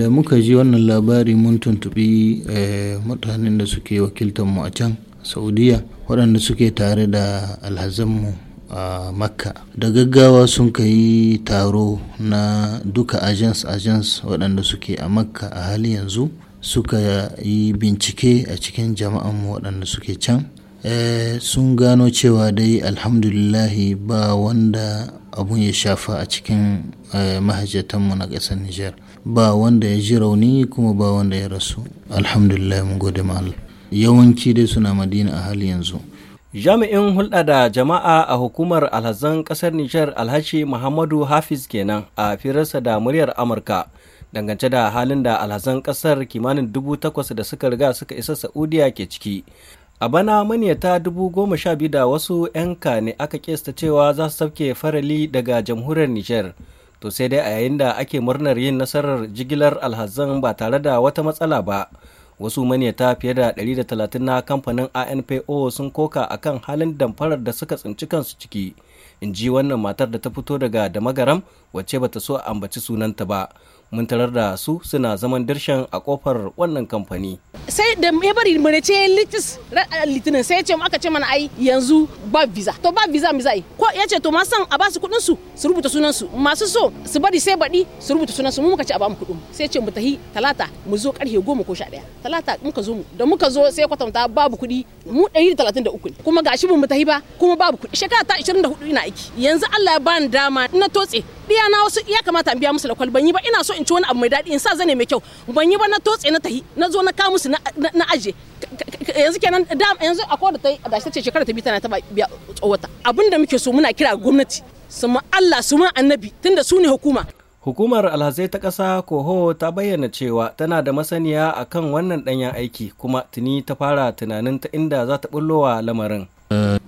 da muka ji wannan labari mun tuntubi eh, mutanen da suke wakiltar mu a can saudiya waɗanda suke tare da alhazanmu a makka da gaggawa sun ka yi taro na duka agents agents waɗanda suke a makka a hali yanzu suka yi bincike a cikin jama'anmu waɗanda suke can Eh, sun gano cewa dai alhamdulillahi ba wanda abun ya shafa a cikin eh, mahajjatanmu na ƙasar Nijar ba wanda ya ji rauni kuma ba wanda ya rasu alhamdulillah mun gode ma Allah yawanci dai suna madina a hali yanzu jami'in hulɗa da jama'a a hukumar alhazan ƙasar Nijar alhaji Muhammadu Hafiz kenan a firarsa da muryar Amurka dangance da halin da alhazan ƙasar kimanin dubu takwas da suka riga suka isa Saudiya ke ciki A bana maniyata dubu goma sha biyu da wasu 'yan ne aka kesta cewa za su sauke farali daga jamhuriyar Nijar. To sai dai a yayin da ake murnar yin nasarar jigilar alhazan ba tare da wata matsala ba. Wasu manyata fiye da 130 na kamfanin ANPO sun koka akan halin damfarar da suka tsinci kansu ciki. In ji wannan matar da ta fito daga damagaram wacce bata so a ambaci sunanta ba. Mun tarar da su suna zaman dirshan a kofar wannan kamfani. sai da ya bari mana ce litis litinin sai ya ce aka ce mana ai yanzu ba visa to ba visa mi za'i ko ya ce to ma san a ba su kuɗin su su rubuta sunan su masu so su bari sai baɗi su rubuta sunan su mu muka ce a ba mu kuɗin sai ce mu tahi talata mu zo karhe 10 ko 11 talata muka zo mu da muka zo sai kwatanta babu kuɗi mu ɗari kuma gashi ba mu tahi ba kuma babu kuɗi shekara ta 24 ina aiki yanzu Allah ya bani dama na totse ɗiya na wasu ya kamata in biya musu lakwal ban yi ba ina so in ci wani abu mai daɗi in sa zane mai kyau ban yi ba na totse na tahi na zo na ka musu na aje yanzu kenan da yanzu akwai da ta da shi ta ce shekara ta tana ta biya tsawata da muke so muna kira gwamnati su ma Allah su ma annabi tunda su ne hukuma Hukumar alhazai ta ƙasa Koho ta bayyana cewa tana da masaniya akan wannan ɗanyen aiki kuma tuni ta fara tunanin ta inda za ta bullowa lamarin.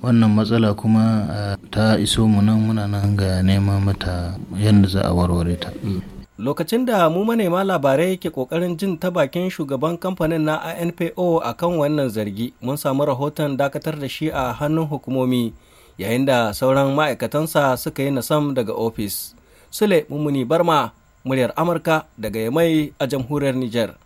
wannan matsala kuma ta iso mu nan muna nan ga neman mata yadda za a warware ta lokacin da mu manema labarai ke kokarin jin ta bakin shugaban kamfanin na anpo a kan wannan zargi mun samu rahoton dakatar da shi a hannun hukumomi yayin da sauran ma'aikatansa suka yi nasam daga ofis sule mummuni barma muryar amurka daga yamai a jamhuriyar Nijar.